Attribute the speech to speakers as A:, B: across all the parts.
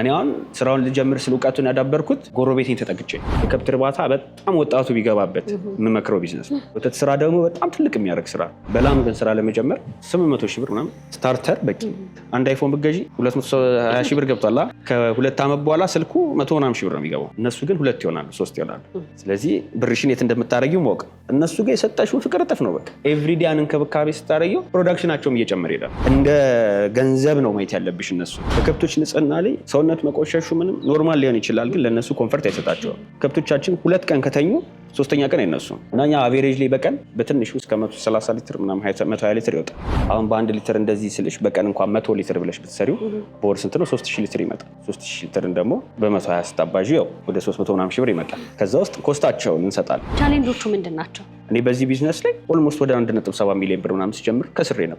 A: እኔ አሁን ስራውን ልጀምር ስል እውቀቱን ያዳበርኩት ጎረቤቴን ተጠግቼ የከብት እርባታ በጣም ወጣቱ ቢገባበት የምመክረው ቢዝነስ ነው። ወተት ስራ ደግሞ በጣም ትልቅ የሚያደርግ ስራ። በላም ግን ስራ ለመጀመር 800 ሺህ ብር ምናምን ስታርተር በቂ። አንድ አይፎን ብገዢ 220 ሺህ ብር ገብቷላ። ከሁለት ዓመት በኋላ ስልኩ መቶ ምናምን ሺህ ብር ነው የሚገባው። እነሱ ግን ሁለት ይሆናሉ፣ ሶስት ይሆናሉ። ስለዚህ ብርሽን የት እንደምታደረጊው ማወቅ። እነሱ ጋር የሰጠሽውን ፍቅር እጥፍ ነው። በቃ ኤቭሪዴይ እንክብካቤ ስታደረየው ፕሮዳክሽናቸውም እየጨመር ይሄዳል። እንደ ገንዘብ ነው ማየት ያለብሽ እነሱ ከከብቶች ንጽህና ላይ ሰውነት መቆሸሹ ምንም ኖርማል ሊሆን ይችላል፣ ግን ለእነሱ ኮንፈርት አይሰጣቸውም። ከብቶቻችን ሁለት ቀን ከተኙ ሶስተኛ ቀን አይነሱም እና እኛ አቬሬጅ ላይ በቀን በትንሹ እስከ 130 ሊትር ምናምን 120 ሊትር ይወጣል። አሁን በአንድ ሊትር እንደዚህ ስልሽ በቀን እንኳን 100 ሊትር ብለሽ ብትሰሪው በወር ስንት ነው? 3000 ሊትር ይመጣል። 3000 ሊትርን ደግሞ በ120 ስታባዥ ያው ወደ 300 ምናምን ሺህ ብር ይመጣል። ከዛ ውስጥ ኮስታቸውን እንሰጣለን።
B: ቻሌንጆቹ ምንድን ናቸው?
A: እኔ በዚህ ቢዝነስ ላይ ኦልሞስት ወደ 1.7 ሚሊዮን ብር ምናምን ሲጀምር ከስሬ ነው።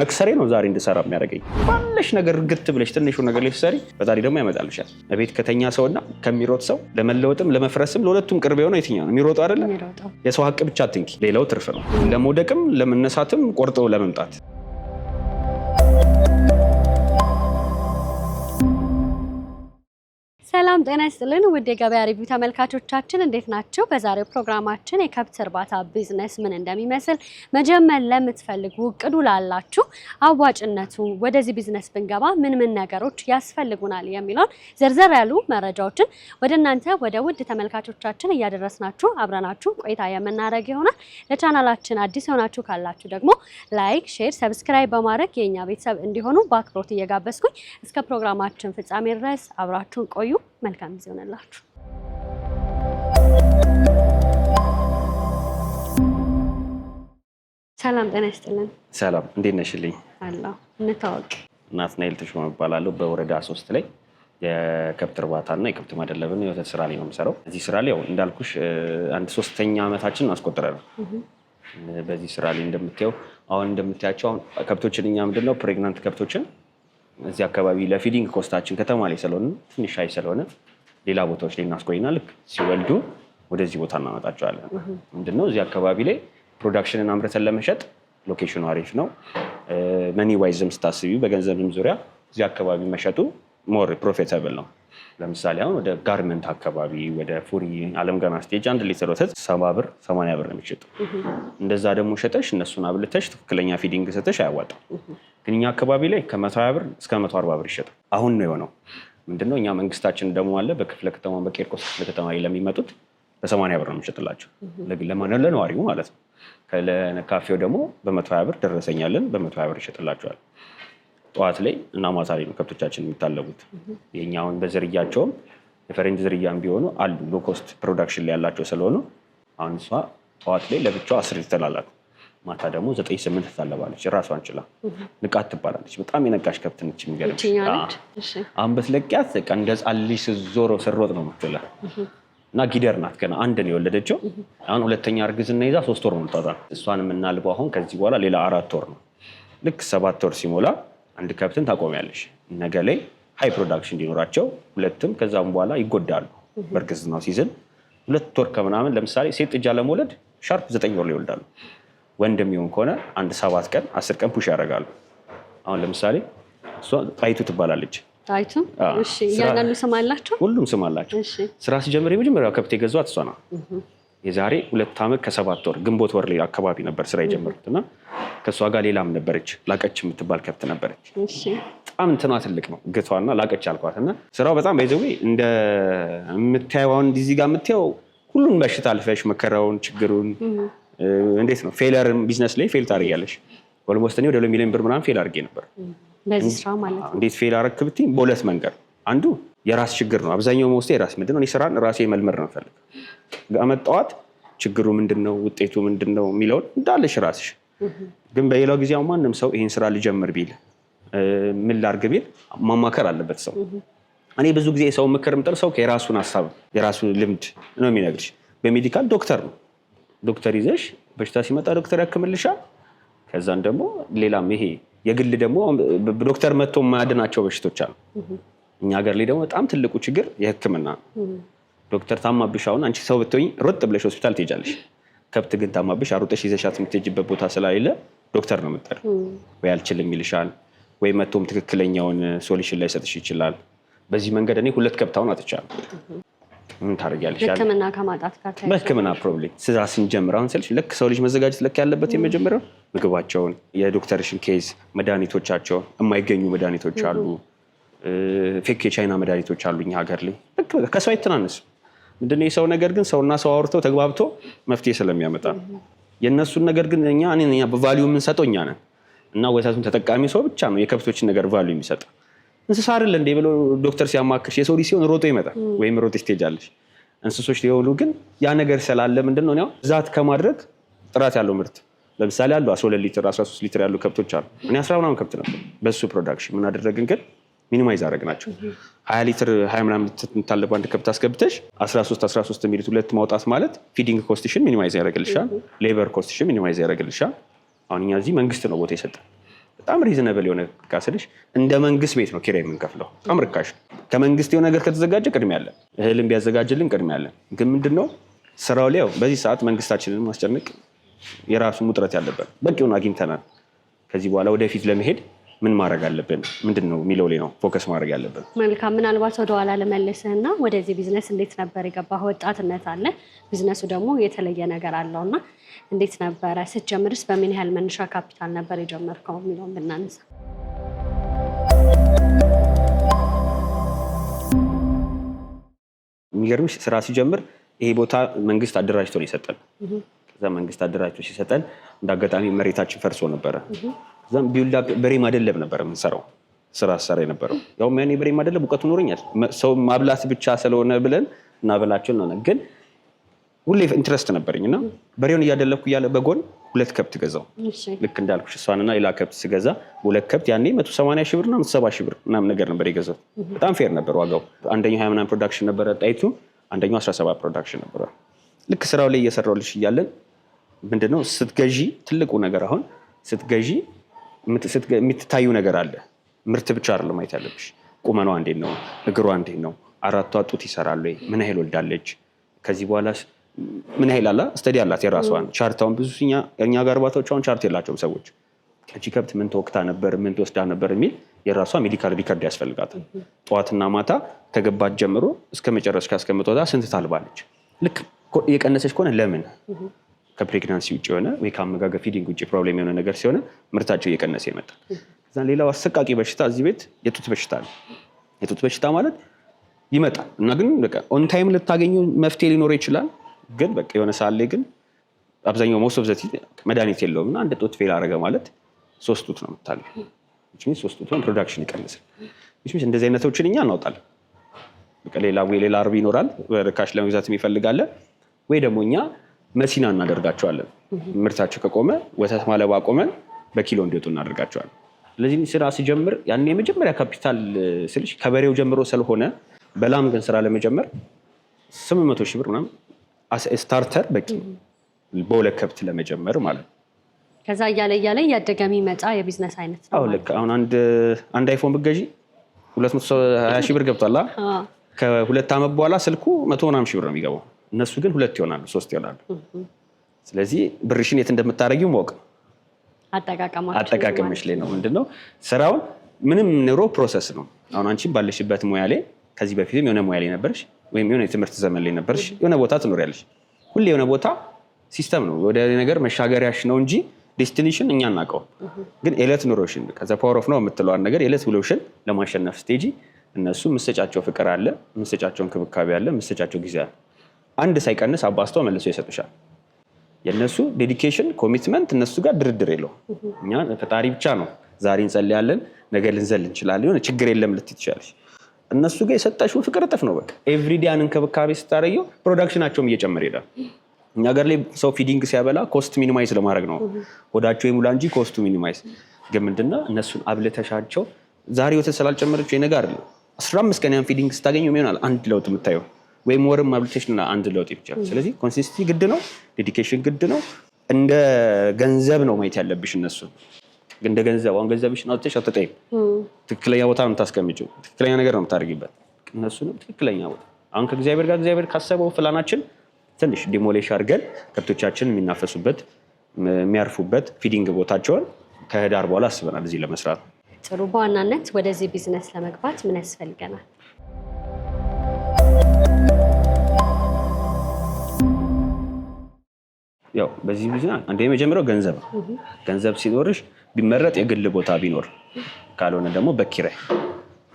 A: መክሰሬ ነው ዛሬ እንድሰራ የሚያደርገኝ። ባለሽ ነገር ግት ብለሽ ትንሹ ነገር ላይ ሰሪ፣ ፈጣሪ ደግሞ ያመጣልሻል። ቤት ከተኛ ሰውና ከሚሮጥ ሰው ለመለወጥም ለመፍረስም ለሁለቱም ቅርብ የሆነ የትኛው ነው? የሚሮጡ አይደለም። የሰው ሀቅ ብቻ አትንኪ፣ ሌላው ትርፍ ነው። ለመውደቅም ለመነሳትም ቆርጦ ለመምጣት
B: ሰላም ጤና ይስጥልን ውድ የገበያ ሪቪው ተመልካቾቻችን እንዴት ናቸው? በዛሬው ፕሮግራማችን የከብት እርባታ ቢዝነስ ምን እንደሚመስል መጀመር ለምትፈልጉ እቅዱ ላላችሁ አዋጭነቱ፣ ወደዚህ ቢዝነስ ብንገባ ምን ምን ነገሮች ያስፈልጉናል የሚለውን ዝርዝር ያሉ መረጃዎችን ወደ እናንተ ወደ ውድ ተመልካቾቻችን እያደረስናችሁ አብረናችሁ ቆይታ የምናደርግ ይሆናል። ለቻናላችን አዲስ የሆናችሁ ካላችሁ ደግሞ ላይክ፣ ሼር፣ ሰብስክራይብ በማድረግ የእኛ ቤተሰብ እንዲሆኑ በአክብሮት እየጋበዝኩኝ እስከ ፕሮግራማችን ፍጻሜ ድረስ አብራችሁን ቆዩ። መልካም ጊዜ ሆነላችሁ። ሰላም ጤና ይስጥልን።
A: ሰላም እንዴት ነሽልኝ?
B: አለሁ። እንታወቅ።
A: ናትናኤል ተሾመ እባላለሁ። በወረዳ ሶስት ላይ የከብት እርባታ እና የከብት ማደለብና የወተት ስራ ላይ ነው የምሰራው። እዚህ ስራ ላይ ያው እንዳልኩሽ አንድ ሶስተኛ ዓመታችን ነው በዚህ ስራ ላይ እንደምታየው አሁን እንደምታያቸው አሁን ከብቶችን እኛ ምንድነው ፕሬግናንት ከብቶችን እዚህ አካባቢ ለፊዲንግ ኮስታችን ከተማ ላይ ስለሆነ ትንሽ ሻይ ስለሆነ ሌላ ቦታዎች ላይ እናስቆይና ልክ ሲወልዱ ወደዚህ ቦታ እናመጣቸዋለን። ምንድነው እዚህ አካባቢ ላይ ፕሮዳክሽንን አምርተን ለመሸጥ ሎኬሽኑ አሪፍ ነው። መኒ ዋይዝም በገንዘብም ዙሪያ እዚህ አካባቢ መሸጡ ሞር ፕሮፊታብል ነው። ለምሳሌ አሁን ወደ ጋርመንት አካባቢ ወደ ፉሪ አለም ገና ስቴጅ አንድ ሊትር ወተት ሰባ ብር ሰማንያ ብር ነው የሚሸጡ። እንደዛ ደግሞ ሸጠሽ እነሱን አብልተሽ ትክክለኛ ፊዲንግ ሰተሽ አያዋጣም። ግን እኛ አካባቢ ላይ ከ120 ብር እስከ 140 ብር ይሸጣል። አሁን ነው የሆነው። ምንድነው እኛ መንግስታችን ደግሞ አለ በክፍለ ከተማ በቂርቆስ ክፍለ ከተማ ለሚመጡት በሰማንያ ብር ነው የሚሸጥላቸው ለነዋሪው ማለት ነው። ከለነካፌው ደግሞ በመቶ ሀያ ብር ደረሰኛለን በመቶ ሀያ ብር ይሸጥላቸዋል። ጠዋት ላይ እና ማታ ላይ ነው ከብቶቻችን የሚታለቡት። የኛውን በዝርያቸውም የፈረንጅ ዝርያም ቢሆኑ አሉ ሎኮስት ፕሮዳክሽን ላይ ያላቸው ስለሆኑ አሁን እሷ ጠዋት ላይ ለብቻው አስር ይተላላት ማታ ደግሞ ዘጠኝ ስምንት ትታለባለች። ራሷን ችላ ንቃት ትባላለች። በጣም የነቃሽ ከብት ነች። የሚገርምሽ አንበት ለቂያት እንደ ሕፃን ዞሮ ስሮጥ ነው ምትለ እና ጊደር ናት። ገና አንድ ነው የወለደችው። አሁን ሁለተኛ እርግዝና ይዛ ሶስት ወር ሞልቷታል። እሷን የምናልበው አሁን ከዚህ በኋላ ሌላ አራት ወር ነው። ልክ ሰባት ወር ሲሞላ አንድ ከብትን ታቆሚያለሽ። ነገ ላይ ሀይ ፕሮዳክሽን እንዲኖራቸው ሁለትም ከዛም በኋላ ይጎዳሉ። በእርግዝናው ሲዝን ሁለት ወር ከምናምን ለምሳሌ ሴት ጥጃ ለመውለድ ሻርፕ ዘጠኝ ወር ላይ ይወልዳሉ። ወንድ የሚሆን ከሆነ አንድ ሰባት ቀን አስር ቀን ፑሽ ያደርጋሉ። አሁን ለምሳሌ እሷ ጣይቱ ትባላለች።
B: ጣይቱ እያንዳንዱ ስም አላቸው፣
A: ሁሉም ስም አላቸው። ስራ ሲጀምር የመጀመሪያው ከብት የገዟት እሷ ናት። የዛሬ ሁለት ዓመት ከሰባት ወር ግንቦት ወር ላይ አካባቢ ነበር ስራ የጀመርኩት እና ከእሷ ጋር ሌላም ነበረች፣ ላቀች የምትባል ከብት ነበረች። በጣም እንትኗ ትልቅ ነው ግቷና ላቀች አልኳት እና ስራው በጣም ይዘዌ እንደምታየው አሁን እዚህ ጋር የምታየው ሁሉን በሽታ አልፈሽ መከራውን፣ ችግሩን እንዴት ነው ፌለር ቢዝነስ ላይ ፌል ታደርጊያለሽ። ኦልሞስት እኔ ወደ ሚሊዮን ብር ምናምን ፌል አድርጌ ነበር። እንዴት ፌል አረክ ብትይ በሁለት መንገድ፣ አንዱ የራስ ችግር ነው። አብዛኛው መወስ የራስ ምንድን ነው፣ ስራን ራሴ መልመድ ነው ፈልግ አመጣዋት ችግሩ ምንድን ነው፣ ውጤቱ ምንድን ነው የሚለውን እንዳለሽ ራስሽ። ግን በሌላው ጊዜ ማንም ሰው ይህን ስራ ልጀምር ቢል ምን ላድርግ ቢል ማማከር አለበት ሰው። እኔ ብዙ ጊዜ የሰው ምክር ምጥል ሰው የራሱን ሀሳብ የራሱን ልምድ ነው የሚነግርሽ። በሜዲካል ዶክተር ነው ዶክተር ይዘሽ በሽታ ሲመጣ ዶክተር ያክምልሻል። ከዛን ደግሞ ሌላም ይሄ የግል ደግሞ ዶክተር መጥቶ የማያድናቸው በሽቶች አሉ። እኛ ሀገር ላይ ደግሞ በጣም ትልቁ ችግር የህክምና ነው። ዶክተር ታማብሽ፣ አሁን አንቺ ሰው ብትሆኝ ሮጥ ብለሽ ሆስፒታል ትሄጃለሽ። ከብት ግን ታማብሽ አሩጠሽ ይዘሻት የምትሄጂበት ቦታ ስለሌለ ዶክተር ነው የምትጠሪው። ወይ አልችልም ይልሻል፣ ወይ መጥቶም ትክክለኛውን ሶሉሽን ላይ ሰጥሽ ይችላል። በዚህ መንገድ እኔ ሁለት ከብታውን አጥቻለሁ። ምን ታደርጊያለሽ?
B: ህክምና ከማጣት ጋር
A: በህክምና ፕሮብሌም ስዛ ስንጀምር አሁን ስልሽ ልክ ሰው ልጅ መዘጋጀት ልክ ያለበት የመጀመሪያው ምግባቸውን፣ የዶክተርሽን ኬዝ፣ መድኃኒቶቻቸውን የማይገኙ መድኃኒቶች አሉ። ፌክ የቻይና መድኃኒቶች አሉ እኛ ሀገር ላይ ልክ ከሰው አይተናነሱ። ምንድነው የሰው ነገር ግን ሰውና ሰው አውርቶ ተግባብቶ መፍትሄ ስለሚያመጣ የእነሱን ነገር ግን እኛ በቫሊዩ የምንሰጠው እኛ ነን እና ወተቱን ተጠቃሚ ሰው ብቻ ነው የከብቶችን ነገር ቫሊዩ የሚሰጠው እንስሳ አይደለ እንዴ ብሎ ዶክተር ሲያማክርሽ የሰው ልጅ ሲሆን ሮጦ ይመጣል ወይም ሮጠሽ ትሄጃለሽ። እንስሶች ሊሆኑ ግን ያ ነገር ስላለ ምንድን ነው ብዛት ከማድረግ ጥራት ያለው ምርት ለምሳሌ አሉ 12 ሊትር 13 ሊትር ያሉ ከብቶች አሉ። እኔ 10 ምናምን ከብት ነበር። በሱ ፕሮዳክሽን ምን አደረግን ግን ሚኒማይዝ ናቸው 20 ሊትር 20 ምናምን የምታለብ አንድ ከብት አስገብተሽ 13 13 የሚሉት ሁለት ማውጣት ማለት ፊዲንግ ኮስትሽን ሚኒማይዝ ያደረግልሻል። ሌበር ኮስትሽን ሚኒማይዝ ያደረግልሻል። አሁን እኛ እዚህ መንግስት ነው ቦታ የሰጠን በጣም ሪዝነብል የሆነ ዕቃ ስልሽ እንደ መንግስት ቤት ነው ኪራይ የምንከፍለው። በጣም ርካሽ ከመንግስት የሆነ ነገር ከተዘጋጀ ቅድሚያ አለን። እህልም ቢያዘጋጅልን ቅድሚያ አለን። ግን ምንድነው ስራው ላይ በዚህ ሰዓት መንግስታችንን ማስጨነቅ የራሱን ውጥረት ያለበት በቂውን አግኝተናል። ከዚህ በኋላ ወደፊት ለመሄድ ምን ማድረግ አለብን፣ ምንድን ነው የሚለው ላይ ነው ፎከስ ማድረግ ያለብን።
B: መልካም። ምናልባት ወደኋላ ልመልስህ እና ወደዚህ ቢዝነስ እንዴት ነበር የገባህ? ወጣትነት አለ፣ ቢዝነሱ ደግሞ የተለየ ነገር አለው እና እንዴት ነበረ? ስትጀምርስ በምን ያህል መነሻ ካፒታል ነበር የጀመርከው የሚለውን ብናነሳ።
A: የሚገርምሽ ስራ ሲጀምር ይሄ ቦታ መንግስት አደራጅቶ ነው የሰጠን። ከዛ መንግስት አደራጅቶ ሲሰጠን እንደ አጋጣሚ መሬታችን ፈርሶ ነበረ። ከዛም ቢውላ በሬ ማደለብ ነበረ የምንሰራው ስራ ሰራ የነበረው ያው ያኔ በሬ ማደለብ እውቀቱ ኖረኛል። ሰው ማብላት ብቻ ስለሆነ ብለን እናበላቸው ግን ሁሌ ኢንትረስት ነበረኝ እና በሬውን እያደለኩ እያለ በጎን ሁለት ከብት ገዛው። ልክ እንዳልኩሽ እሷንና ሌላ ከብት ስገዛ ሁለት ከብት ያኔ መቶ ሰማንያ ሺህ ብር እና መቶ ሰባ ሺህ ብር ምናምን ነገር ነበር የገዛው። በጣም ፌር ነበር ዋጋው። አንደኛው ሀያ ምናምን ፕሮዳክሽን ነበረ ጣይቱ፣ አንደኛው አስራ ፕሮዳክሽን ነበረ። ልክ ስራው ላይ እየሰራው ልሽ እያለን ምንድነው ስትገዢ ትልቁ ነገር አሁን ስትገዢ የምትታዩ ነገር አለ። ምርት ብቻ አይደለም ማየት ያለብሽ። ቁመኗ እንዴት ነው? እግሯ እንዴት ነው? አራቷ ጡት ይሰራሉ? ምን ያህል ወልዳለች? ከዚህ በኋላ ምን ያህል አለ ስተዲ አላት የራሷን ቻርታውን ብዙ እኛ ጋር እርባታዎች አሁን ቻርት የላቸውም ሰዎች እቺ ከብት ምን ተወቅታ ነበር ምን ትወስዳ ነበር የሚል የራሷ ሜዲካል ሪከርድ ያስፈልጋት ጠዋትና ማታ ከገባት ጀምሮ እስከ መጨረሻ እስከምትወጣ ስንት ታልባለች። ልክ የቀነሰች ከሆነ ለምን ከፕሬግናንሲ ውጭ የሆነ ወይ ከአመጋገብ ፊዲንግ ውጭ ፕሮብሌም የሆነ ነገር ሲሆነ ምርታቸው እየቀነሰ ይመጣል። እዛ ሌላው አሰቃቂ በሽታ እዚህ ቤት የጡት በሽታ ነው። የጡት በሽታ ማለት ይመጣል እና ግን ኦንታይም ታይም መፍትሄ ሊኖር ይችላል ግን በቃ የሆነ ሳሌ ግን አብዛኛው ሞስት ኦፍ ዘ መድኃኒት የለውም እና አንድ ጡት ፌል አረገ ማለት ሶስት ጡት ነው የምታለው። ሶስት ጡት ፕሮዳክሽን ይቀንሳል። እንደዚህ አይነቶችን እኛ እናውጣለን። ሌላ ወይ ሌላ አርቢ ይኖራል በርካሽ ለመግዛት የሚፈልጋለን ወይ ደግሞ እኛ መሲና እናደርጋቸዋለን። ምርታቸው ከቆመ ወተት ማለባ ቆመን በኪሎ እንዲወጡ እናደርጋቸዋለን። ስለዚህ ስራ ሲጀምር ያን የመጀመሪያ ካፒታል ስልሽ ከበሬው ጀምሮ ስለሆነ በላም ግን ስራ ለመጀመር ስምንት መቶ ሺህ ብር ምናምን ስታርተር በቂ በሁለት ከብት ለመጀመር ማለት ነው።
B: ከዛ እያለ እያለ እያደገ የሚመጣ የቢዝነስ አይነት
A: ነው። ልክ አሁን አንድ አይፎን ብትገዢ 220 ሺህ ብር ገብቷል። ከሁለት ዓመት በኋላ ስልኩ መቶ ምናምን ሺህ ብር ነው የሚገባው። እነሱ ግን ሁለት ይሆናሉ፣ ሶስት ይሆናሉ። ስለዚህ ብርሽን የት እንደምታደርጊው ማወቅ አጠቃቀምሽ ላይ ነው። ምንድነው ስራውን ምንም ኑሮ ፕሮሰስ ነው። አሁን አንቺም ባለሽበት ሙያ ላይ ከዚህ በፊትም የሆነ ሙያ ላይ ነበርሽ ወይም የሆነ የትምህርት ዘመን ላይ ነበርሽ፣ የሆነ ቦታ ትኖሪያለሽ። ሁሌ የሆነ ቦታ ሲስተም ነው ወደ ነገር መሻገሪያሽ ነው እንጂ ዴስቲኔሽን እኛ እናውቀው። ግን የዕለት ኑሮሽን ከዛ ፓወር ኦፍ ነው የምትለዋን ነገር የዕለት ውሎሽን ለማሸነፍ ስቴጂ እነሱ ምሰጫቸው ፍቅር አለ፣ ምሰጫቸው እንክብካቤ አለ፣ ምሰጫቸው ጊዜ አለ። አንድ ሳይቀንስ አባስተው መልሶ ይሰጡሻል። የእነሱ ዴዲኬሽን ኮሚትመንት እነሱ ጋር ድርድር የለው። እኛ ፈጣሪ ብቻ ነው። ዛሬ እንጸልያለን፣ ነገ ልንዘል እንችላለን። የሆነ ችግር የለም ልትትችላለች። እነሱ ጋር የሰጠሽው ፍቅር እጥፍ ነው። በቃ ኤቭሪዴ ያን እንክብካቤ ስታረየው ፕሮዳክሽናቸውም እየጨመር ይሄዳል። እኛ ሀገር ላይ ሰው ፊዲንግ ሲያበላ ኮስት ሚኒማይዝ ለማድረግ ነው፣ ሆዳቸው የሙላ እንጂ ኮስቱ ሚኒማይዝ። ግን ምንድነው እነሱን አብልተሻቸው ዛሬ ወተት ስላልጨመረችው የነገ አይደለም። አስራ አምስት ቀን ያን ፊዲንግ ስታገኙ የሚሆናል አንድ ለውጥ የምታየው ወይም ወርም አብልቴሽን አንድ ለውጥ ይቻል። ስለዚህ ኮንሲስቲ ግድ ነው፣ ዴዲኬሽን ግድ ነው። እንደ ገንዘብ ነው ማየት ያለብሽ እነሱን እንደ ገንዘብ አሁን ገንዘብሽን አውጥተሽ አትጠይም። ትክክለኛ ቦታ ነው የምታስቀምጪው። ትክክለኛ ነገር ነው የምታደርጊበት። እነሱንም ትክክለኛ ቦታ አሁን ከእግዚአብሔር ጋር እግዚአብሔር ካሰበው ፍላናችን ትንሽ ዲሞሌሽ አድርገን ከብቶቻችን የሚናፈሱበት የሚያርፉበት ፊዲንግ ቦታቸውን ከህዳር በኋላ አስበናል እዚህ ለመስራት።
B: ጥሩ። በዋናነት ወደዚህ ቢዝነስ ለመግባት ምን ያስፈልገናል?
A: ያው በዚህ ጊዜ አንድ የመጀመሪያው ገንዘብ ነው። ገንዘብ ሲኖርሽ ቢመረጥ የግል ቦታ ቢኖር፣ ካልሆነ ደግሞ በኪራይ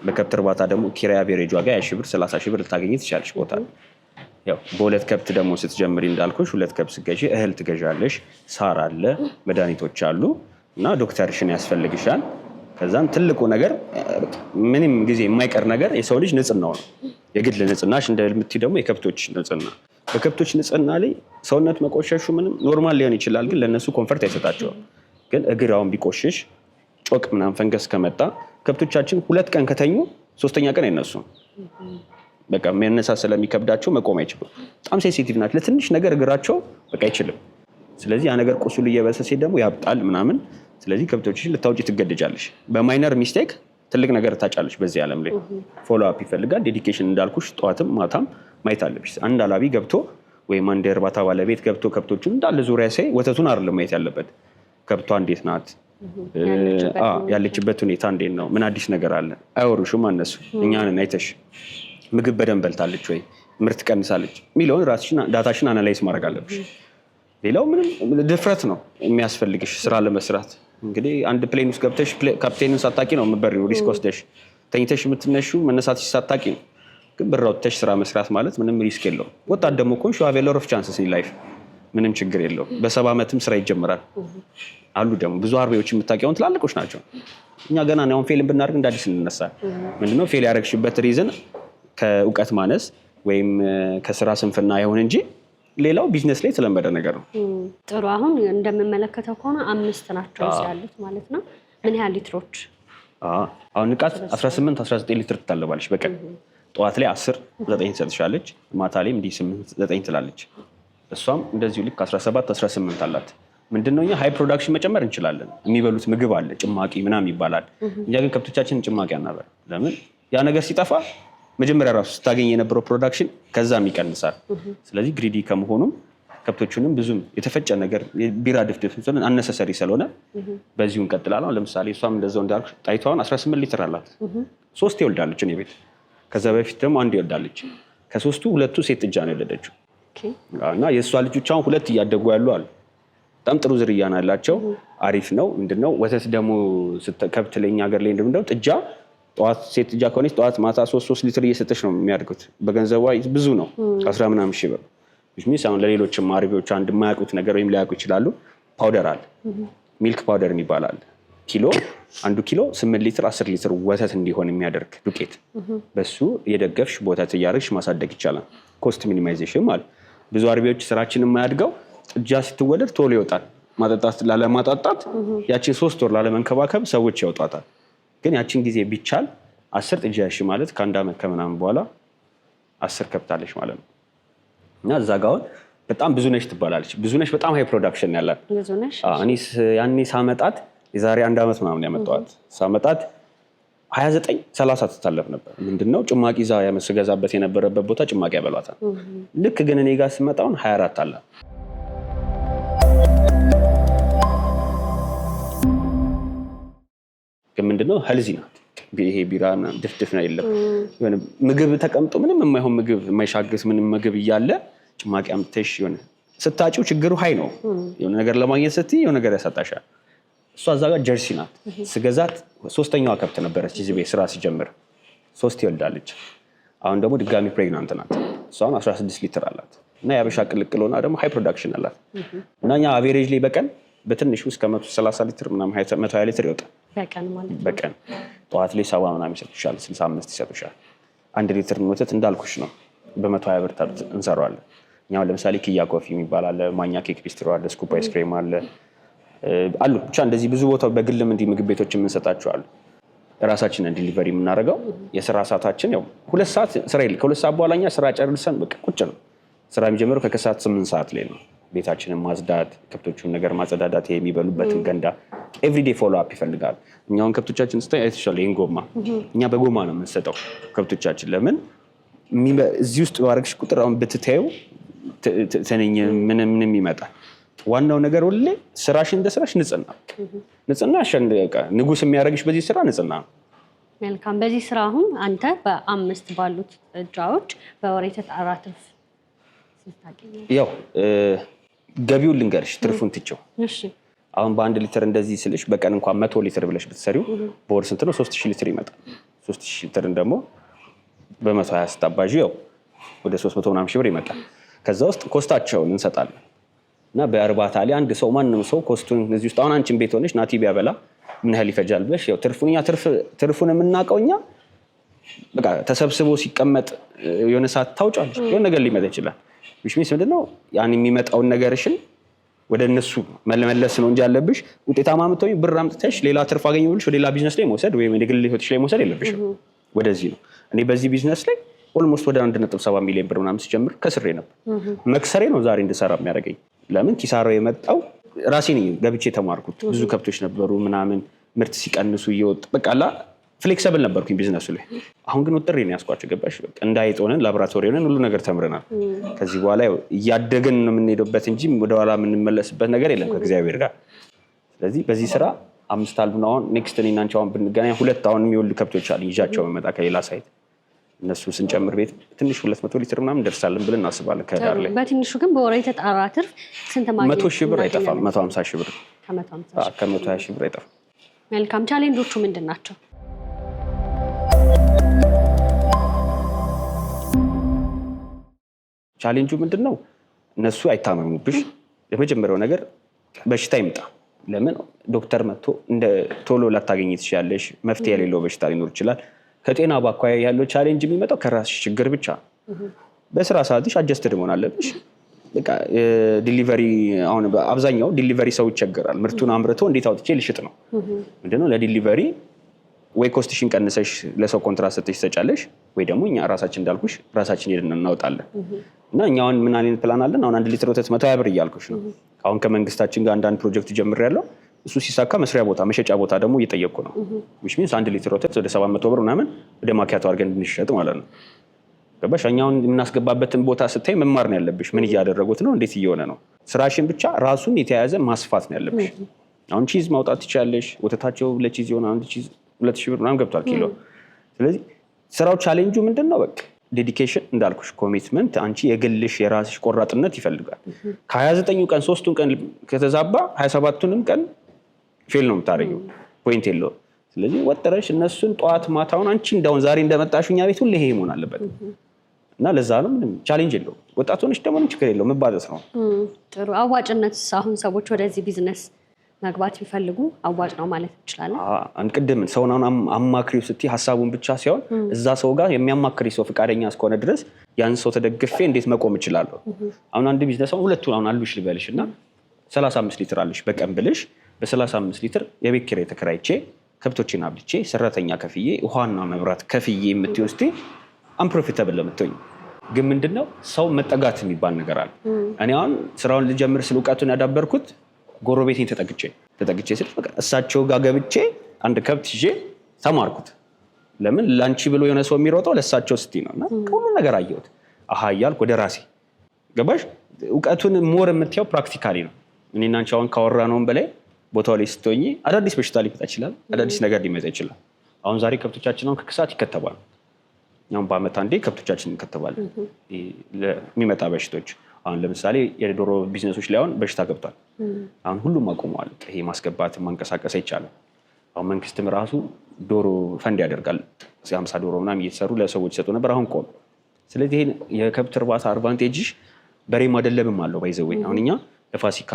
A: በከብት እርባታ ደግሞ ኪራይ አቬሬጅ ዋጋ ያ ሺህ ብር ሰላሳ ሺህ ብር ልታገኝ ትችላለሽ ቦታ ያው በሁለት ከብት ደግሞ ስትጀምሪ እንዳልኩሽ ሁለት ከብት ስገዢ እህል ትገዣለሽ፣ ሳር አለ፣ መድኃኒቶች አሉ እና ዶክተርሽን ያስፈልግሻል። ከዛም ትልቁ ነገር ምንም ጊዜ የማይቀር ነገር የሰው ልጅ ንጽህናው ነው። የግል ንጽህናሽ እንደምትይ ደግሞ የከብቶች ንጽህና በከብቶች ንጽህና ላይ ሰውነት መቆሸሹ ምንም ኖርማል ሊሆን ይችላል፣ ግን ለእነሱ ኮንፈርት አይሰጣቸውም። ግን እግር አሁን ቢቆሽሽ ጮቅ ምናምን ፈንገስ ከመጣ ከብቶቻችን ሁለት ቀን ከተኙ ሶስተኛ ቀን አይነሱም። በቃ መነሳት ስለሚከብዳቸው መቆም አይችሉም። በጣም ሴንሲቲቭ ናቸው። ለትንሽ ነገር እግራቸው በቃ አይችልም። ስለዚህ ያ ነገር ቁስሉ እየበሰሴ ደግሞ ያብጣል ምናምን። ስለዚህ ከብቶችሽን ልታውጪ ትገደጃለሽ። በማይነር ሚስቴክ ትልቅ ነገር ታጫለች በዚህ ዓለም ላይ ፎሎአፕ ይፈልጋል ዴዲኬሽን እንዳልኩሽ፣ ጠዋትም ማታም ማየት አለብሽ። አንድ አላቢ ገብቶ ወይም አንድ የእርባታ ባለቤት ገብቶ ከብቶቹን እንዳለ ዙሪያ ሳይ ወተቱን አይደለም ማየት ያለበት፣ ከብቷ እንዴት ናት፣ ያለችበት ሁኔታ እንዴት ነው፣ ምን አዲስ ነገር አለ። አይወሩሽም አነሱ እኛንን አይተሽ ምግብ በደንብ በልታለች ወይ ምርት ቀንሳለች የሚለውን ዳታሽን አናላይስ ማድረግ አለብሽ። ሌላው ምንም ድፍረት ነው የሚያስፈልግሽ ስራ ለመስራት። እንግዲህ አንድ ፕሌን ውስጥ ገብተሽ ካፕቴንን ሳታቂ ነው የምትበሪው ሪስክ ወስደሽ ተኝተሽ የምትነሹ መነሳትሽ ሳታቂ ነው። ግን ብር አውጥተሽ ስራ መስራት ማለት ምንም ሪስክ የለውም። ወጣት ደግሞ እኮ ሸዋ ቬሎር ኦፍ ቻንስስ ኢን ላይፍ ምንም ችግር የለውም። በሰባ ዓመትም ስራ ይጀምራል አሉ ደግሞ ብዙ አርቢዎች የምታውቂውን ትላልቆች ናቸው። እኛ ገና አሁን ፌልን ብናደርግ እንደ አዲስ እንነሳ። ምንድነው ፌል ያደረግሽበት ሪዝን ከእውቀት ማነስ ወይም ከስራ ስንፍና አይሆን እንጂ ሌላው ቢዝነስ ላይ የተለመደ ነገር ነው።
B: ጥሩ። አሁን እንደምመለከተው ከሆነ አምስት ናቸው ያሉት ማለት ነው። ምን ያህል ሊትሮች?
A: አሁን ንቃት 18 19 ሊትር ትታለባለች በቀን ጠዋት ላይ አስር ዘጠኝ ትሰጥሻለች። ማታ ላይም እንዲህ ስምንት ዘጠኝ ትላለች። እሷም እንደዚሁ ልክ 17 18 አላት። ምንድነው እኛ ሀይ ፕሮዳክሽን መጨመር እንችላለን። የሚበሉት ምግብ አለ፣ ጭማቂ ምናምን ይባላል። እኛ ግን ከብቶቻችን ጭማቂ አናበር። ለምን ያ ነገር ሲጠፋ መጀመሪያ ራሱ ስታገኝ የነበረው ፕሮዳክሽን ከዛም ይቀንሳል። ስለዚህ ግሪዲ ከመሆኑም ከብቶቹንም ብዙም የተፈጨ ነገር ቢራ ድፍድፍ አነሰሰሪ ስለሆነ በዚሁ እንቀጥላለን። ለምሳሌ እሷም እንደዛው እንዳልኩሽ ጣይቷን 18 ሊትር አላት፣ ሶስት ይወልዳለች እኔ ቤት ከዛ በፊት ደግሞ አንድ ይወልዳለች። ከሶስቱ ሁለቱ ሴት ጥጃ ነው የወለደችው እና የእሷ ልጆች አሁን ሁለት እያደጉ ያሉ አሉ። በጣም ጥሩ ዝርያ ነው ያላቸው። አሪፍ ነው። ምንድነው ወተት ደግሞ ከብት ለኛ ሀገር ላይ እንደምንለው ጥጃ ጠዋት ሴት ጥጃ ከሆነች ጠዋት ማታ ሶስት ሶስት ሊትር እየሰጠች ነው የሚያድጉት። በገንዘቧ ብዙ ነው አስራ ምናምን ሺህ ብር ሚስ አሁን ለሌሎችም አርቢዎች አንድ የማያውቁት ነገር ወይም ሊያውቁ ይችላሉ። ፓውደር አለ ሚልክ ፓውደር የሚባል አለ ኪሎ አንዱ ኪሎ ስምንት ሊትር አስር ሊትር ወተት እንዲሆን የሚያደርግ ዱቄት በሱ የደገፍሽ ቦተት እያደረግሽ ማሳደግ ይቻላል። ኮስት ሚኒማይዜሽን ማለት ብዙ አርቢዎች ስራችን የማያድገው ጥጃ ስትወለድ ቶሎ ይወጣል። ማጠጣት ላለማጣጣት ያችን ሶስት ወር ላለመንከባከብ ሰዎች ያውጧታል። ግን ያችን ጊዜ ቢቻል አስር ጥጃ ማለት ከአንድ ዓመት ከምናምን በኋላ አስር ከብታለች ማለት ነው እና እዛ ጋ አሁን በጣም ብዙ ነሽ ትባላለች። ብዙ ነሽ በጣም ሀይ ፕሮዳክሽን ያላት ያኔ ሳመጣት የዛሬ አንድ ዓመት ምናምን ያመጣኋት ሳመጣት ሀያ ዘጠኝ ሰላሳ ትታለፍ ነበር። ምንድነው ጭማቂ ዛ ስገዛበት የነበረበት ቦታ ጭማቂ ያበሏታል። ልክ ግን እኔ ጋር ስመጣውን ሀያ አራት አላት። ግን ምንድነው ህልዚ ናት። ይሄ ቢራ ድፍድፍ ነው የለም ምግብ ተቀምጦ ምንም የማይሆን ምግብ የማይሻግስ ምንም ምግብ እያለ ጭማቂ አምጥተሽ የሆነ ስታጭው ችግሩ ሀይ ነው። የሆነ ነገር ለማግኘት ስትይ የሆነ ነገር ያሳጣሻል። እሷ እዛ ጋር ጀርሲ ናት ስገዛት፣ ሶስተኛዋ ከብት ነበረች እዚህ ስራ ሲጀምር ሶስት ይወልዳለች። አሁን ደግሞ ድጋሚ ፕሬግናንት ናት። እሷን 16 ሊትር አላት እና የአበሻ ቅልቅል ሆና ደግሞ ሃይ ፕሮዳክሽን አላት እና እኛ አቬሬጅ ላይ በቀን በትንሹ እስከ 130 ሊትር ምናምን 120 ሊትር ይወጣል በቀን ጠዋት ላይ ሰባ ምናምን ይሰጡሻል፣ 65 ይሰጡሻል። አንድ ሊትር ወተት እንዳልኩሽ ነው በመቶ ሀያ ብር እንሰራዋለን። እኛ ለምሳሌ ኪያ ኮፊ የሚባል አለ፣ ማኛ ኬክ ፔስትሮ አለ፣ ስኩፕ አይስክሬም አለ አሉ። ብቻ እንደዚህ ብዙ ቦታ በግልም እንዲህ ምግብ ቤቶች የምንሰጣቸው አሉ። ራሳችንን ዲሊቨሪ የምናደርገው የስራ ሰዓታችን ያው ሁለት ሰዓት ስራ የለ። ከሁለት ሰዓት በኋላ ስራ ጨርሰን በቃ ቁጭ ነው። ስራ የሚጀምረው ከከሰዓት ስምንት ሰዓት ላይ ነው። ቤታችንን ማጽዳት፣ ከብቶቹን ነገር ማጸዳዳት፣ የሚበሉበትን ገንዳ ኤቭሪዴ ፎሎ አፕ ይፈልጋል። እኛውን ከብቶቻችን ስታይ አይተሻል። ይህን ጎማ እኛ በጎማ ነው የምንሰጠው ከብቶቻችን። ለምን እዚህ ውስጥ ባረግሽ ቁጥር አሁን ብትታዩ ትንኝ ምንም ይመጣል ዋናው ነገር ሁሌ ስራሽ እንደ ስራሽ ንጽህና ንጽህና ንጉስ የሚያደርግሽ በዚህ ስራ ንጽህና ነው።
B: መልካም። በዚህ ስራ አሁን አንተ በአምስት ባሉት እጃዎች በወር የተጣራ ትርፍ
A: ያው ገቢውን ልንገርሽ፣ ትርፉን ትቼው አሁን በአንድ ሊትር እንደዚህ ስልሽ በቀን እንኳን መቶ ሊትር ብለሽ ብትሰሪው በወር ስንት ነው? ሶስት ሺህ ሊትር ይመጣል። ሶስት ሺህ ሊትርን ደግሞ በመቶ ሀያ ስታባዡ ያው ወደ ሶስት መቶ ምናምን ሺህ ብር ይመጣል። ከዛ ውስጥ ኮስታቸውን እንሰጣለን እና በእርባታ ላይ አንድ ሰው ማንም ሰው ኮስቱን እዚህ ውስጥ አሁን አንቺን ቤት ሆነች ናቲ ቢያበላ ምን ያህል ይፈጃል ብለሽ ያው ትርፉን እኛ ትርፉን የምናውቀው እኛ በቃ ተሰብስቦ ሲቀመጥ የሆነ ሰዓት ታውጫለሽ። የሆነ ነገር ሊመጣ ይችላል። ዊች ሚንስ ምንድነው ያን የሚመጣውን ነገርሽን ወደ እነሱ መለመለስ ነው እንጂ ያለብሽ ውጤታማ የምትሆኚው ብር አምጥተሽ ሌላ ትርፍ አገኘ ብለሽ ወደ ሌላ ቢዝነስ ላይ መውሰድ ወይም የግል ህይወትሽ ላይ መውሰድ የለብሽም። ወደዚህ ነው እኔ በዚህ ቢዝነስ ላይ ኦልሞስት ወደ አንድ ነጥብ ሰባ ሚሊዮን ብር ምናምን ሲጀምር ከስሬ ነበር። መክሰሬ ነው ዛሬ እንድሰራ የሚያደርገኝ። ለምን ኪሳራው የመጣው ራሴ ነኝ ገብቼ የተማርኩት። ብዙ ከብቶች ነበሩ ምናምን ምርት ሲቀንሱ እየወጡ በቃላ ፍሌክሰብል ነበርኩኝ ቢዝነሱ ላይ። አሁን ግን ውጥር ነው ያስኳቸው። ገባሽ እንዳይጦንን ላቦራቶሪ ሆነን ሁሉ ነገር ተምረናል። ከዚህ በኋላ እያደግን ነው የምንሄደበት እንጂ ወደኋላ የምንመለስበት ነገር የለም ከእግዚአብሔር ጋር። ስለዚህ በዚህ ስራ አምስት አልቡን አሁን ኔክስት እኔና ብንገናኝ ሁለት አሁን የሚወልድ ከብቶች አሉ ይዣቸው መመጣ ከሌላ ሳይት እነሱ ስንጨምር ቤት ትንሽ ሁለት መቶ ሊትር ምናምን እንደርሳለን ብለን እናስባለን። ከዳር ላይ
B: በትንሹ ግን በወር የተጣራ ትርፍ ስንት ማግኘት
A: መቶ ሺህ ብር አይጠፋም። መቶ ሀምሳ ሺህ ብር ከመቶ ሀያ ሺህ ብር አይጠፋም።
B: መልካም። ቻሌንጆቹ ምንድን ናቸው?
A: ቻሌንጁ ምንድን ነው? እነሱ አይታመሙብሽ። የመጀመሪያው ነገር በሽታ ይምጣ። ለምን ዶክተር መጥቶ ቶሎ ላታገኝ ትችላለሽ። መፍትሄ የሌለው በሽታ ሊኖር ይችላል። ከጤና ባኳያ ያለው ቻሌንጅ የሚመጣው ከራስሽ ችግር ብቻ። በስራ ሰዓትሽ አጀስትድ መሆን አለብሽ። ዲሊቨሪ አሁን አብዛኛው ዲሊቨሪ ሰው ይቸገራል። ምርቱን አምርቶ እንዴት አውጥቼ ልሽጥ ነው? ምንድነው ለዲሊቨሪ ወይ ኮስትሽን ቀንሰሽ ለሰው ኮንትራት ሰጥተሽ ትሰጫለሽ፣ ወይ ደግሞ እኛ ራሳችን እንዳልኩሽ ራሳችን ሄደን እናውጣለን። እና እኛ አሁን ምን አይነት ፕላን አለን? አሁን አንድ ሊትር ወተት መቶ ሀያ ብር እያልኩሽ ነው። አሁን ከመንግስታችን ጋር አንዳንድ ፕሮጀክት ጀምሬያለሁ። እሱ ሲሳካ መስሪያ ቦታ መሸጫ ቦታ ደግሞ እየጠየቁ ነው። ዊች ሚንስ አንድ ሊትር ወተት ወደ ሰባት መቶ ብር ምናምን ወደ ማኪያቶ አድርገን እንድንሸጥ ማለት ነው። ገባሽ? እኛውን የምናስገባበትን ቦታ ስታይ መማር ነው ያለብሽ። ምን እያደረጉት ነው? እንዴት እየሆነ ነው? ስራሽን ብቻ ራሱን የተያያዘ ማስፋት ነው ያለብሽ። አሁን ቺዝ ማውጣት ትችላለሽ። ወተታቸው ለቺዝ የሆነ አንድ ቺዝ ሁለት ሺህ ብር ምናምን ገብቷል ኪሎ። ስለዚህ ስራው ቻሌንጁ ምንድን ነው? በቃ ዴዲኬሽን እንዳልኩሽ ኮሚትመንት፣ አንቺ የግልሽ የራስሽ ቆራጥነት ይፈልጋል ከሀያ ዘጠኙ ቀን ሶስቱን ቀን ከተዛባ ሀያ ሰባቱንም ቀን ፌል ነው የምታደረገው ፖይንት የለውም። ስለዚህ ወጥረሽ እነሱን ጠዋት ማታውን አንቺ እንዳሁን ዛሬ እንደመጣሽ እኛ ቤት ሁሌ ይሄ መሆን አለበት እና ለዛ ነው ምንም ቻሌንጅ የለው ወጣት ሆነሽ ደግሞ ችግር የለው መባዘስ ነው
B: ጥሩ። አዋጭነት አሁን ሰዎች ወደዚህ ቢዝነስ መግባት ቢፈልጉ አዋጭ ነው ማለት እንችላለን።
A: ቅድም ሰውን አሁን አማክሪው ስትይ ሀሳቡን ብቻ ሲሆን እዛ ሰው ጋር የሚያማክሪ ሰው ፈቃደኛ እስከሆነ ድረስ ያን ሰው ተደግፌ እንዴት መቆም እችላለሁ። አሁን አንድ ቢዝነስ አሁን ሁለቱን አሁን አሉሽ ልበልሽ እና ሰላሳ አምስት ሊትር አለሽ በቀን ብልሽ በ35 ሊትር የቤት ኪራይ ተከራይቼ ከብቶችን አብልቼ ሰራተኛ ከፍዬ ውሃና መብራት ከፍዬ የምትወስድ አንፕሮፊታብል ለምትኝ ግን ምንድነው ሰው መጠጋት የሚባል ነገር አለ። እኔ አሁን ስራውን ልጀምር ስል እውቀቱን ያዳበርኩት ጎረቤቴን ተጠግቼ ተጠግቼ ስል እሳቸው ጋር ገብቼ አንድ ከብት ይዤ ተማርኩት። ለምን ለአንቺ ብሎ የሆነ ሰው የሚሮጠው ለእሳቸው ስቲ ነው። እና ሁሉ ነገር አየሁት። አሀ እያልኩ ወደ ራሴ ገባሽ። እውቀቱን ሞር የምትያው ፕራክቲካሊ ነው። እኔ አንቺ አሁን ነውን በላይ ቦታው ላይ ስትሆኚ አዳዲስ በሽታ ሊመጣ ይችላል። አዳዲስ ነገር ሊመጣ ይችላል። አሁን ዛሬ ከብቶቻችን አሁን ከክሳት ይከተባል። ያሁን በአመት አንዴ ከብቶቻችን እንከተባለን የሚመጣ በሽቶች። አሁን ለምሳሌ የዶሮ ቢዝነሶች ላይ አሁን በሽታ ገብቷል። አሁን ሁሉም አቁመዋል። ይሄ ማስገባት ማንቀሳቀስ አይቻልም። አሁን መንግስትም ራሱ ዶሮ ፈንድ ያደርጋል። ሀምሳ ዶሮ ምናምን እየተሰሩ ለሰዎች ይሰጡ ነበር። አሁን ቆም። ስለዚህ የከብት እርባታ አድቫንቴጅ በሬ ማደለብም አለው ባይዘወኝ አሁን እኛ ለፋሲካ፣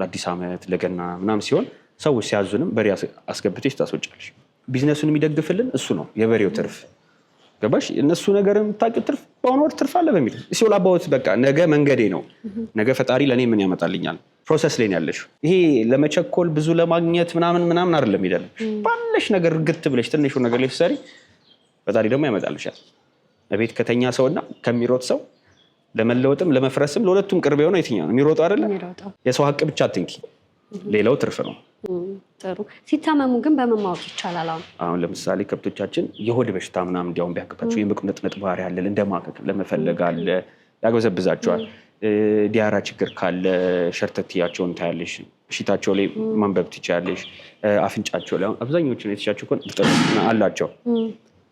A: ለአዲስ ዓመት፣ ለገና ምናምን ሲሆን ሰዎች ሲያዙንም በሬ አስገብተሽ ታስወጫለሽ። ቢዝነሱን የሚደግፍልን እሱ ነው። የበሬው ትርፍ ገባሽ? እነሱ ነገር የምታውቂው ትርፍ በአሁኑ ወቅት ትርፍ አለ በሚል ሲሆል አባወት በቃ ነገ መንገዴ ነው፣ ነገ ፈጣሪ ለእኔ ምን ያመጣልኛል ፕሮሰስ ላይ ያለሽ። ይሄ ለመቸኮል ብዙ ለማግኘት ምናምን ምናምን አይደለም። ሄዳለ ባለሽ ነገር እርግጥ ብለሽ ትንሹ ነገር ላይ ሰሪ ፈጣሪ ደግሞ ያመጣልሻል። ቤት ከተኛ ሰውና ከሚሮጥ ሰው ለመለወጥም ለመፍረስም ለሁለቱም ቅርብ የሆነው የትኛው ነው? የሚሮጠው አይደለም። የሰው ሀቅ ብቻ አትንኪ፣ ሌላው ትርፍ ነው።
B: ጥሩ። ሲታመሙ ግን በመማወቅ ይቻላል። አሁን
A: አሁን ለምሳሌ ከብቶቻችን የሆድ በሽታ ምናምን እንዲያውም ቢያቅታቸው የመቁነጥነጥ ባህሪ ያለ እንደማቀቅ ለመፈለግ አለ ያገበዘብዛቸዋል። ዲያራ ችግር ካለ ሸርተትያቸውን ታያለሽ፣ ሽታቸው ላይ ማንበብ ትችያለሽ። አፍንጫቸው ላይ አብዛኞቹን የተሻቸው አላቸው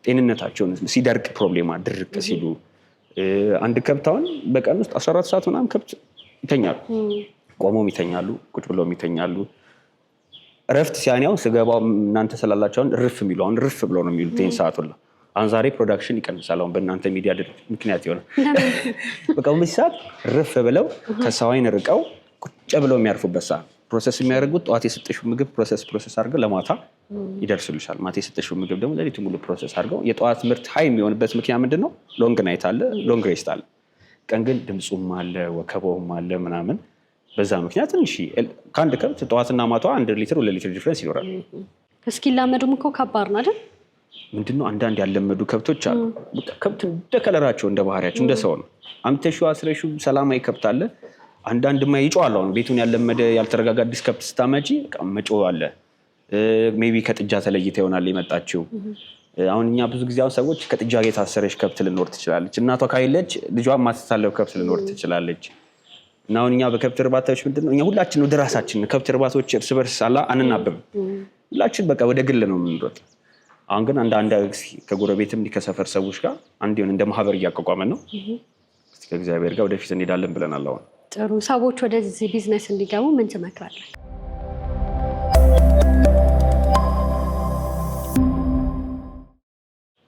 A: ጤንነታቸውን ሲደርቅ ፕሮብሌማ ድርቅ ሲሉ አንድ ከብት አሁን በቀን ውስጥ 14 ሰዓት ምናምን ከብት ይተኛሉ። ቆመውም ይተኛሉ፣ ቁጭ ብለውም ይተኛሉ። እረፍት ሲያኔያው ስገባው እናንተ ስላላቸውን ርፍ የሚሉ አሁን ርፍ ብለው ነው የሚሉት ይህን ሰዓት ሁላ አሁን ዛሬ ፕሮዳክሽን ይቀንሳል። አሁን በእናንተ ሚዲያ ምክንያት የሆነ በቃ በዚህ ሰዓት ርፍ ብለው ከሰው አይን ርቀው ቁጭ ብለው የሚያርፉበት ሰዓት ፕሮሰስ የሚያደርጉት ጠዋት የሰጠሽው ምግብ ፕሮሰስ ፕሮሰስ አድርገው ለማታ ይደርስልሻል። ማታ የሰጠሽው ምግብ ደግሞ ለሊቱ ሙሉ ፕሮሰስ አድርገው የጠዋት ምርት ሀይ የሚሆንበት ምክንያት ምንድን ነው? ሎንግ ናይት አለ፣ ሎንግ ሬስት አለ። ቀን ግን ድምፁም አለ፣ ወከባውም አለ ምናምን። በዛ ምክንያት ትንሽ ከአንድ ከብት ጠዋትና ማታ አንድ ሊትር ሁለት ሊትር ዲፍረንስ ይኖራል።
B: እስኪላመዱም እኮ ከባድ ነው አይደል?
A: ምንድነው አንዳንድ ያለመዱ ከብቶች አሉ። ከብት እንደ ከለራቸው እንደ ባህሪያቸው እንደ ሰው ነው። አምተሹ አስረሹ ሰላማዊ ከብት አለ አንዳንድ ማ ይጮሃል። አሁን ቤቱን ያለመደ ያልተረጋጋ አዲስ ከብት ስታመጪ መጮ አለ። ሜቢ ከጥጃ ተለይተ ይሆናል የመጣችው። አሁን እኛ ብዙ ጊዜ አሁን ሰዎች ከጥጃ ጋር የታሰረች ከብት ልኖር ትችላለች፣ እናቷ ካይለች ልጇ ማስተሳለብ ከብት ልኖር ትችላለች። እና አሁን እኛ በከብት እርባታዎች ምንድን ነው እኛ ሁላችን ወደ ራሳችን ከብት እርባታዎች እርስ በርስ አላ አንናበብም። ሁላችን በቃ ወደ ግል ነው የምንሮጥ። አሁን ግን አንድ አንድ ከጎረቤትም ከሰፈር ሰዎች ጋር አንድ ሆን እንደ ማህበር እያቋቋመን ነው። ከእግዚአብሔር ጋር ወደፊት እንሄዳለን ብለናል አሁን
B: ጥሩ ሰዎች ወደዚህ ቢዝነስ እንዲገቡ ምን ትመክራለህ?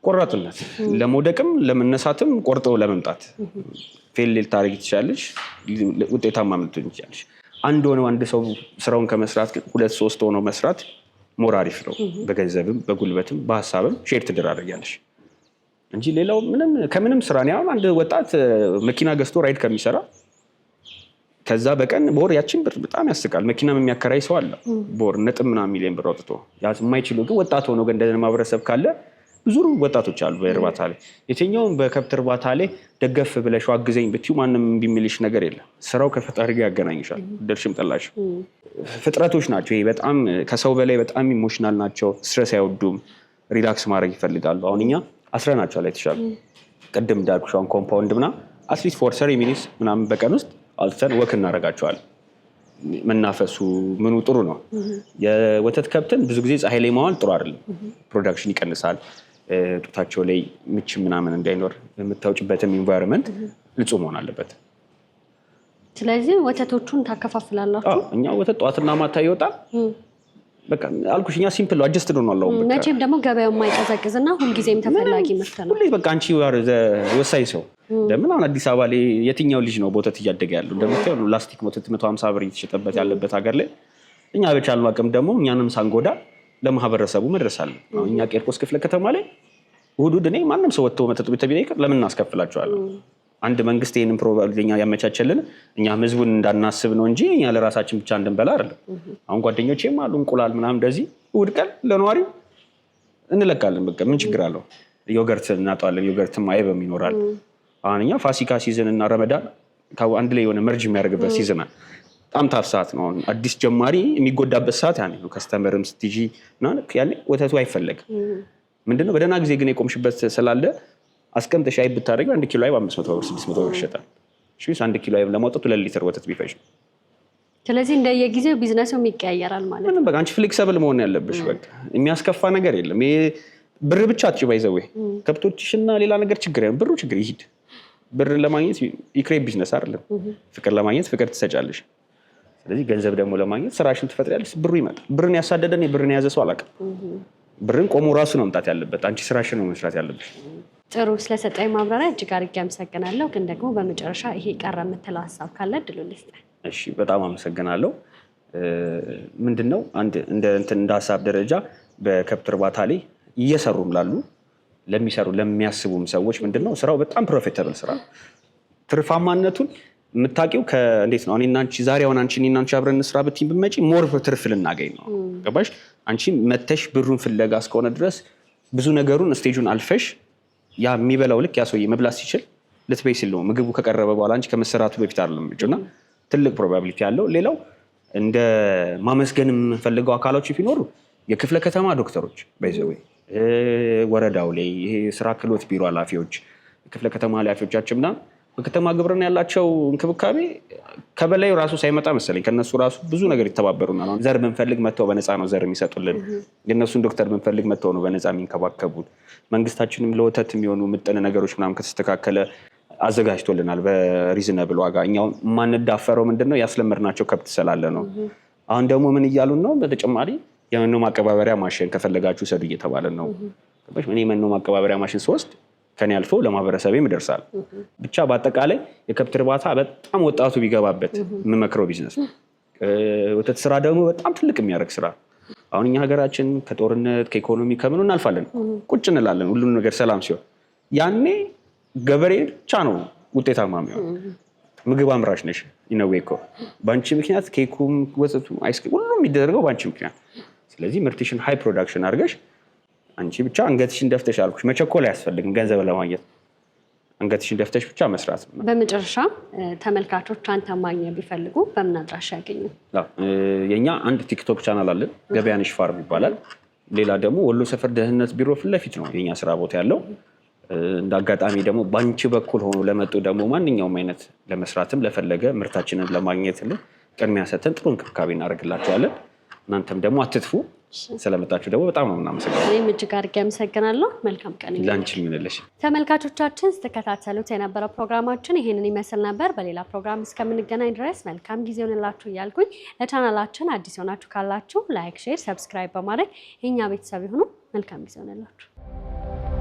A: ቆራጥነት፣ ለመውደቅም ለመነሳትም ቆርጦ ለመምጣት። ፌል ታደርጊ ትችላለች፣ ውጤታማ ልትሆኚ ትችላለች። አንድ ሆነው አንድ ሰው ስራውን ከመስራት ሁለት ሶስት ሆነው መስራት ሞር አሪፍ ነው። በገንዘብም በጉልበትም በሀሳብም ሼር ትደራረጊያለሽ እንጂ ሌላው ምንም ከምንም ስራ እኔ አሁን አንድ ወጣት መኪና ገዝቶ ራይድ ከሚሰራ ከዛ በቀን ቦር ያችን ብር በጣም ያስቃል። መኪናም የሚያከራይ ሰው አለ ቦር ነጥብ ምናምን ሚሊዮን ብር ወጥቶ የማይችሉ ግን ወጣት ሆኖ ግን እንደዚህ ማህበረሰብ ካለ ብዙ ወጣቶች አሉ በእርባታ ላይ የትኛውም በከብት እርባታ ላይ ደገፍ ብለሽ አግዘኝ ብትዩ ማንም ቢሚልሽ ነገር የለም። ስራው ከፈጣሪ ጋር ያገናኝሻል። ደርሽም ጠላሽ ፍጥረቶች ናቸው። ይሄ በጣም ከሰው በላይ በጣም ኢሞሽናል ናቸው። ስትረስ አይወዱም። ሪላክስ ማድረግ ይፈልጋሉ። አሁን እኛ ላይ ተሻሉ ቅድም እንዳልኩሽ ኮምፓውንድ ምና አትሊስት ፎር ሰሪ ሚኒትስ ምናምን በቀን ውስጥ አልተን ወክ እናደርጋቸዋለን። መናፈሱ ምኑ ጥሩ ነው። የወተት ከብትን ብዙ ጊዜ ፀሐይ ላይ መዋል ጥሩ አይደለም። ፕሮዳክሽን ይቀንሳል። ጡታቸው ላይ ምች ምናምን እንዳይኖር የምታውጭበትም ኢንቫይሮንመንት ንጹህ መሆን አለበት።
B: ስለዚህ ወተቶቹን ታከፋፍላላችሁ?
A: እኛ ወተት ጠዋትና ማታ ይወጣል። በቃ አልኩሽ እኛ ሲምፕል ነው፣ አጀስት ነው አለው።
B: መቼም ደግሞ ገበያው የማይቀዘቅዝ እና ሁልጊዜም ተፈላጊ ምርት
A: ነው። ሁሌ በቃ አንቺ ወሳኝ ሰው ለምን አሁን አዲስ አበባ ላይ የትኛው ልጅ ነው ቦተት እያደገ ያለው? እንደምታየው ላስቲክ ቦተት መቶ ሀምሳ ብር እየተሸጠበት ያለበት ሀገር ላይ እኛ በቻልነው አቅም ደግሞ እኛንም ሳንጎዳ ለማህበረሰቡ መድረሳል። አለ። እኛ ቄርቆስ ክፍለ ከተማ ላይ እሑድ እሑድ እኔ ማንም ሰው ወጥቶ መጠጥ ቤት ለምን እናስከፍላቸዋለን? አንድ መንግስት ይህንን ፕሮባብሊ ያመቻቸልን እኛ ህዝቡን እንዳናስብ ነው እንጂ እኛ ለራሳችን ብቻ እንድንበላ አይደለም። አሁን ጓደኞቼም አሉ እንቁላል ምናምን እንደዚህ እሑድ ቀን ለነዋሪው እንለቃለን። በቃ ምን ችግር አለው? ዮገርት እናጠዋለን። ዮገርትም አይብም ይኖራል። አሁን እኛ ፋሲካ ሲዝን እና ረመዳን አንድ ላይ የሆነ መርጅ የሚያደርግበት ሲዝን በጣም ታፍ ሰዓት ነው። አዲስ ጀማሪ የሚጎዳበት ሰዓት ያኔ ነው። ከስተመርም ስትጂ ያኔ ወተቱ አይፈለግም። ምንድነው በደህና ጊዜ ግን የቆምሽበት ስላለ አስቀምጠሽ አይብ ብታደረግ አንድ ኪሎ አይብ አምስት መቶ ብር ስድስት መቶ ብር ይሸጣል። አንድ ኪሎ አይብ ለማውጣት ሁለት ሊትር ወተት ቢፈጅ ነው።
B: ስለዚህ እንደየጊዜው ቢዝነሱ ይቀያየራል ማለት
A: ነው። በቃ አንቺ ፍሌክሰብል መሆን ያለብሽ በቃ የሚያስከፋ ነገር የለም። ይሄ ብር ብቻ አትጪው ባይዘዌ ከብቶችሽና ሌላ ነገር ችግር ያ ብሩ ችግር ይሂድ። ብር ለማግኘት ይክሬ ቢዝነስ አይደለም። ፍቅር ለማግኘት ፍቅር ትሰጫለሽ። ስለዚህ ገንዘብ ደግሞ ለማግኘት ስራሽን ትፈጥሪያለሽ። ብሩ ይመጣል። ብርን ያሳደደን ብርን የያዘ ሰው አላውቅም። ብርን ቆሞ ራሱ ነው መምጣት ያለበት። አንቺ ስራሽን ነው መስራት ያለብሽ።
B: ጥሩ ስለሰጠኝ ማብራሪያ እጅግ አድርጌ አመሰግናለሁ። ግን ደግሞ በመጨረሻ ይሄ ቀረ የምትለው ሀሳብ ካለ እድሉ ልስጥ።
A: እሺ፣ በጣም አመሰግናለሁ። ምንድን ነው አንድ እንደ ሀሳብ ደረጃ በከብት እርባታ ላይ እየሰሩም ላሉ ለሚሰሩ ለሚያስቡም ሰዎች ምንድን ነው ስራው በጣም ፕሮፊተብል ስራ ትርፋማነቱን የምታውቂው ከእንዴት ነው? እኔና አንቺ ዛሬ አሁን አንቺ እኔና አንቺ አብረን ስራ ብትይኝ ብትመጪ ሞር ትርፍ ልናገኝ ነው። ገባሽ? አንቺ መተሽ ብሩን ፍለጋ እስከሆነ ድረስ ብዙ ነገሩን ስቴጁን አልፈሽ ያ የሚበላው ልክ ያ ሰውዬ መብላት ሲችል ልትበይስል ነው ምግቡ ከቀረበ በኋላ እንጂ ከመሰራቱ በፊት አይደለም። እና ትልቅ ፕሮባቢሊቲ ያለው። ሌላው እንደ ማመስገን የምንፈልገው አካሎች ቢኖሩ የክፍለ ከተማ ዶክተሮች በይዘዌ ወረዳው ላይ ይሄ ስራ ክህሎት ቢሮ ኃላፊዎች ክፍለ ከተማ ኃላፊዎቻችን ምናምን በከተማ ግብርን ያላቸው እንክብካቤ ከበላዩ ራሱ ሳይመጣ መሰለኝ ከነሱ ራሱ ብዙ ነገር ይተባበሩናል። ዘር ብንፈልግ መጥተው በነፃ ነው ዘር የሚሰጡልን። የእነሱን ዶክተር ብንፈልግ መጥተው ነው በነፃ የሚንከባከቡን። መንግስታችንም ለወተት የሚሆኑ ምጥን ነገሮች ምናምን ከተስተካከለ አዘጋጅቶልናል በሪዝነብል ዋጋ። እኛው የማንዳፈረው ምንድን ነው ያስለመድናቸው ከብት ስላለ ነው። አሁን ደግሞ ምን እያሉን ነው? በተጨማሪ የመኖ ማቀባበሪያ ማሽን ከፈለጋችሁ ሰዱ እየተባለ ነው። እኔ የመኖ ማቀባበሪያ ማሽን ስወስድ ከኔ አልፎ ለማህበረሰብ ይደርሳል። ብቻ በአጠቃላይ የከብት እርባታ በጣም ወጣቱ ቢገባበት የምመክረው ቢዝነስ ወተት ስራ ደግሞ በጣም ትልቅ የሚያደርግ ስራ አሁን እኛ ሀገራችን ከጦርነት ከኢኮኖሚ ከምኑ እናልፋለን፣ ቁጭ እንላለን። ሁሉ ነገር ሰላም ሲሆን ያኔ ገበሬ ብቻ ነው ውጤታማ የሚሆን። ምግብ አምራች ነሽ ኢነዌ እኮ በአንቺ ምክንያት ኬኩም፣ ወተቱ፣ አይስክሪም ሁሉም የሚደረገው በአንቺ ምክንያት። ስለዚህ ምርትሽን ሃይ ፕሮዳክሽን አድርገሽ አንቺ ብቻ አንገትሽን ደፍተሽ አልኩሽ፣ መቸኮል አያስፈልግም ገንዘብ ለማግኘት አንገትሽን ደፍተሽ ብቻ መስራት
B: ነው። በመጨረሻ ተመልካቾች አንተ ማግኘት ቢፈልጉ በምን አድራሻ ያገኙ?
A: የእኛ አንድ ቲክቶክ ቻናል አለን፣ ገበያንሽ ፋርም ይባላል። ሌላ ደግሞ ወሎ ሰፈር ደህንነት ቢሮ ፊት ለፊት ነው የኛ ስራ ቦታ ያለው። እንደ አጋጣሚ ደግሞ በአንቺ በኩል ሆኖ ለመጡ ደግሞ ማንኛውም አይነት ለመስራትም ለፈለገ ምርታችንን ለማግኘት ቅድሚያ ሰተን ጥሩ እንክብካቤ እናደርግላቸዋለን። እናንተም ደግሞ አትጥፉ። ስለመጣችሁ ደግሞ በጣም ነው እናመሰግናለሁ።
B: እኔም እጅግ አድርጌ አመሰግናለሁ። መልካም ቀን
A: ለአንቺ ይሁንልሽ።
B: ተመልካቾቻችን ስትከታተሉት የነበረው ፕሮግራማችን ይሄንን ይመስል ነበር። በሌላ ፕሮግራም እስከምንገናኝ ድረስ መልካም ጊዜ ሆንላችሁ እያልኩኝ ለቻናላችን አዲስ የሆናችሁ ካላችሁ ላይክ፣ ሼር፣ ሰብስክራይብ በማድረግ የእኛ ቤተሰብ የሆኑ መልካም ጊዜ ሆንላችሁ።